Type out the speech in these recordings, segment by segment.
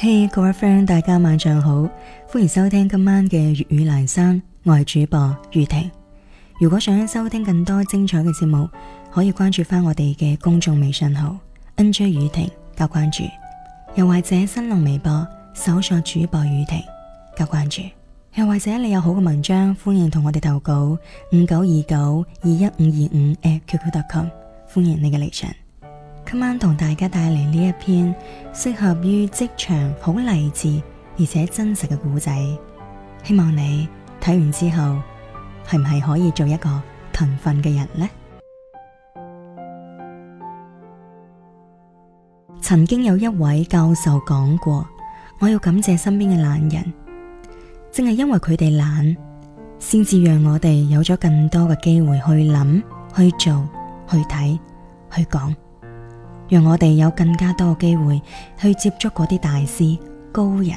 Hey，各位 friend，大家晚上好，歡迎收聽今晚嘅粵語欄山，我係主播雨婷。如果想收聽更多精彩嘅節目，可以關注翻我哋嘅公眾微信號 njoy 雨婷加關注，又或者新浪微博搜索主播雨婷加關注，又或者你有好嘅文章，歡迎同我哋投稿 592921525@qq.com，歡迎你嘅嚟信。今晚同大家帶嚟呢一篇適合於職場好勵志而且真實嘅故仔，希望你睇完之後係唔係可以做一個勤奮嘅人呢？ 曾經有一位教授講過，我要感謝身邊嘅懶人，正係因為佢哋懶，先至讓我哋有咗更多嘅機會去諗、去做、去睇、去講。讓我哋有更加多嘅機會去接觸嗰啲大師高人，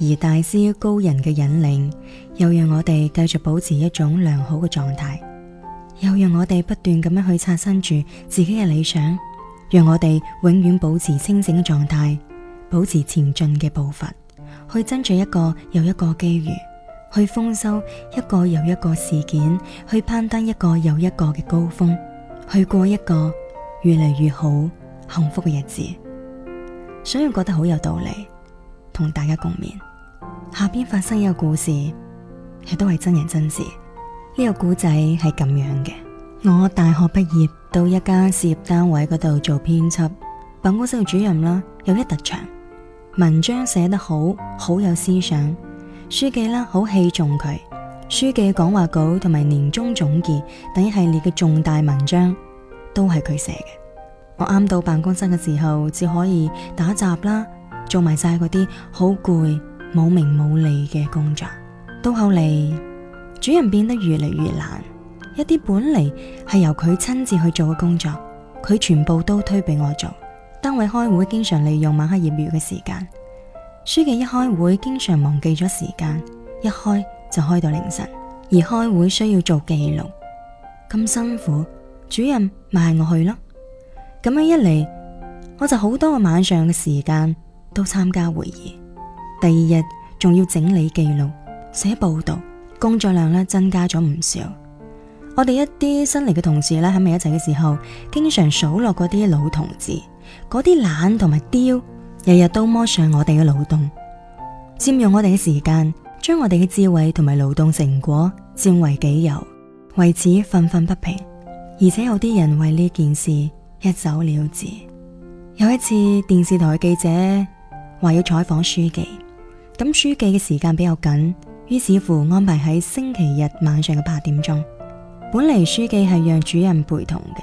而大師高人嘅引領，又讓我哋繼續保持一種良好嘅狀態，又讓我哋不斷咁樣去刷新住自己嘅理想，讓我哋永遠保持清醒嘅狀態，保持前進嘅步伐，去爭取一個又一個機遇，去豐收一個又一個事件，去攀登一個又一個嘅高峰，去過一個越嚟越好，幸福嘅日子，所以覺得好有道理，同大家共勉。下邊發生一個故事，亦都係真人真事。呢個故仔係咁樣嘅：我大學畢業到一家事業單位嗰度做編輯，辦公室嘅主任啦，有一特長，文章寫得好，好有思想。書記啦好器重佢，書記講話稿同埋年終總結等一系列嘅重大文章都係佢寫嘅。我啱到辦公室嘅時候，只可以打雜啦，做埋晒嗰啲好攰、冇名冇利嘅工作。到後嚟，主任變得越嚟越懶，一啲本嚟係由佢親自去做嘅工作，佢全部都推俾我做。單位開會經常利用晚黑業餘嘅時間，書記一開會經常忘記咗時間，一開就開到凌晨，而開會需要做記錄，咁辛苦，主任咪係我去咯。咁樣一嚟，我就好多個晚上嘅時間都參加會議，第二日仲要整理記錄、寫報道，工作量咧增加咗唔少。我哋一啲新嚟嘅同事咧喺埋一齊嘅時候，經常數落嗰啲老同志，嗰啲懶同埋刁，日日都摸上我哋嘅勞動，佔用我哋嘅時間，將我哋嘅智慧同埋勞動成果佔為己有，為此憤憤不平。而且有啲人為呢件事。一走了之。有一次電視台記者話要採訪書記，咁書記嘅時間比較緊，於是乎安排喺星期日晚上嘅八點鐘。本嚟書記係讓主任陪同嘅，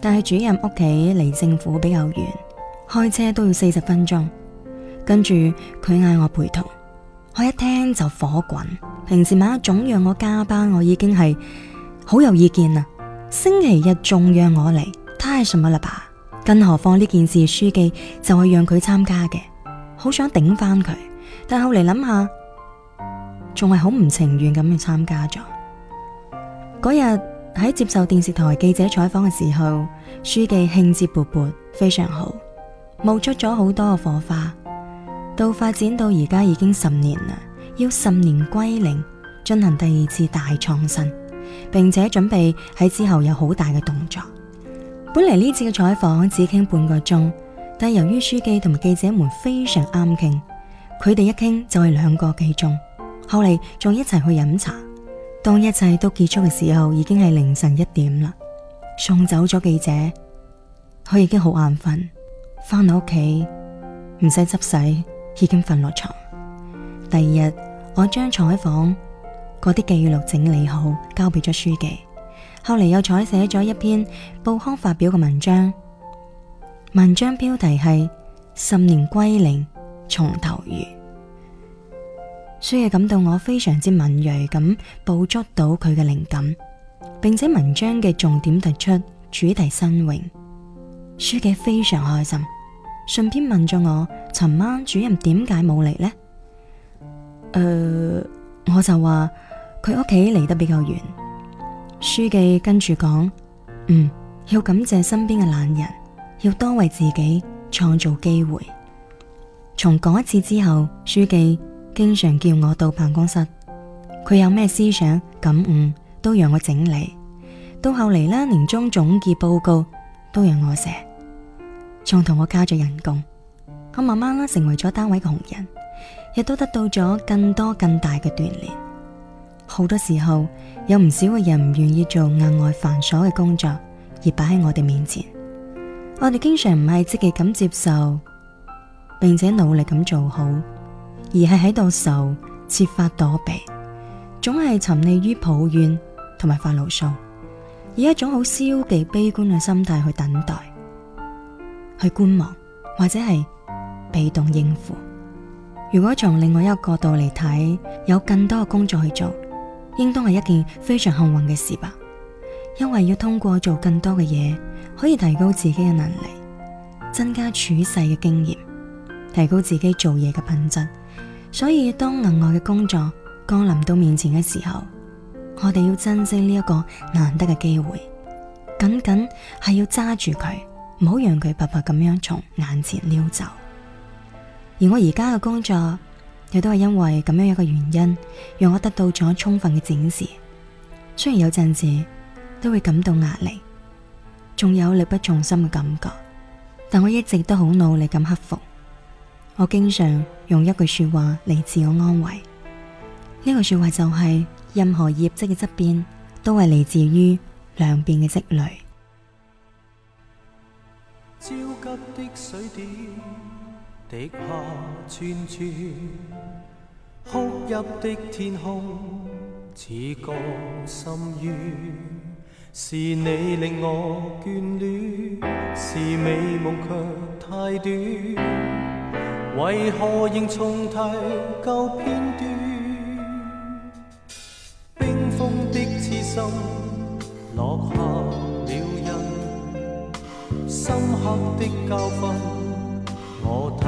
但係主任屋企離政府比較遠，開車都要四十分鐘。跟住佢嗌我陪同，我一聽就火滾。平時晚黑總讓我加班，我已經係好有意見啦。星期日仲讓我嚟。係乜嘢啦？吧，更何況呢件事，書記就係讓佢參加嘅，好想頂翻佢，但後嚟諗下，仲係好唔情願咁去參加咗。嗰日喺接受電視台記者採訪嘅時候，書記興致勃勃，非常好，冒出咗好多嘅火花，到發展到而家已經十年啦，要十年歸零，進行第二次大創新，並且準備喺之後有好大嘅動作。本嚟呢次嘅採訪只傾半個鐘，但由於書記同記者們非常啱傾，佢哋一傾就係、是、兩個幾鐘，後嚟仲一齊去飲茶。當一切都結束嘅時候，已經係凌晨一點啦。送走咗記者，我已經好眼瞓，返到屋企唔使執洗，已經瞓落床。第二日，我將採訪嗰啲記錄整理好，交俾咗書記。後嚟又採寫咗一篇報刊發表嘅文章，文章標題係《十年歸零，從頭越》，書記感到我非常之敏銳咁捕捉到佢嘅靈感，並且文章嘅重點突出，主題新穎，書記非常開心。順便問咗我，尋晚主任點解冇嚟呢？呃、誒，我就話佢屋企嚟得比較遠。書記跟住講：嗯，要感謝身邊嘅懶人，要多為自己創造機會。從嗰一次之後，書記經常叫我到辦公室，佢有咩思想感悟都讓我整理，到後嚟啦年終總結報告都讓我寫，仲同我加咗人工。我慢慢啦成為咗單位嘅紅人，亦都得到咗更多更大嘅鍛煉。好多時候有唔少嘅人唔願意做額外繁瑣嘅工作而擺喺我哋面前，我哋經常唔係積極咁接受，並且努力咁做好，而係喺度受設法躲避，總係沉溺於抱怨同埋發牢騷，以一種好消極悲觀嘅心態去等待、去觀望或者係被動應付。如果從另外一個角度嚟睇，有更多嘅工作去做。應當係一件非常幸運嘅事吧，因為要通過做更多嘅嘢，可以提高自己嘅能力，增加處世嘅經驗，提高自己做嘢嘅品質。所以當額外嘅工作降臨到面前嘅時候，我哋要珍惜呢一個難得嘅機會，緊緊係要揸住佢，唔好讓佢白白咁樣從眼前溜走。而我而家嘅工作，亦都係因為咁樣一個原因，讓我得到咗充分嘅展示。雖然有陣時都會感到壓力，仲有力不從心嘅感覺，但我一直都好努力咁克服。我經常用一句說話嚟自我安慰，呢句說話就係、是：任何業績嘅質變，都係嚟自於量變嘅積累。滴下串串，哭泣的天空，似個深淵。是你令我眷戀，是美夢卻太短。為何仍重提舊片段？冰封的痴心，烙下了印，深刻的教訓，我。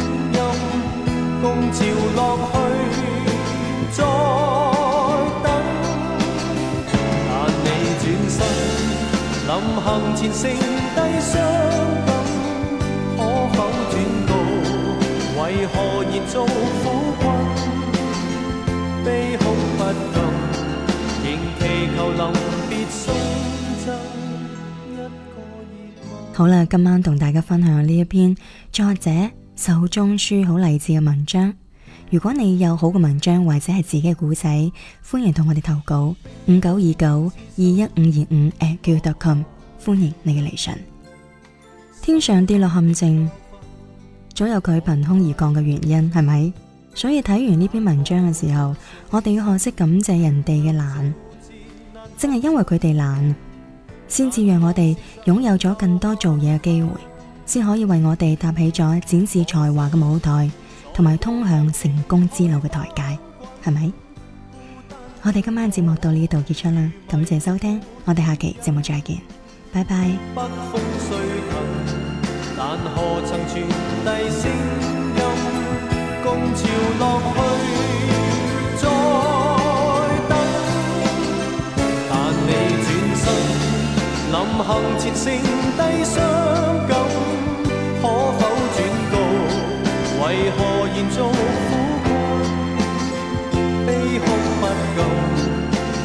潮落去再等，但你轉身臨行前剩低傷感，可否轉告，為何仍做苦困？悲哭不禁仍祈求臨別送贈一個熱吻 好啦，今晚同大家分享呢一篇作者手中書好勵志嘅文章。如果你有好嘅文章或者係自己嘅故仔，歡迎同我哋投稿五九二九二一五二五誒 g m a i l 歡迎你嘅嚟信。天上跌落餡餅，總有佢憑空而降嘅原因，係咪？所以睇完呢篇文章嘅時候，我哋要學識感謝人哋嘅懶，正係因為佢哋懶，先至讓我哋擁有咗更多做嘢嘅機會，先可以為我哋搭起咗展示才華嘅舞台。同埋通向成功之路嘅台階，係咪？我哋今晚節目到呢度結束啦，感謝收聽，我哋下期節目再見，拜拜。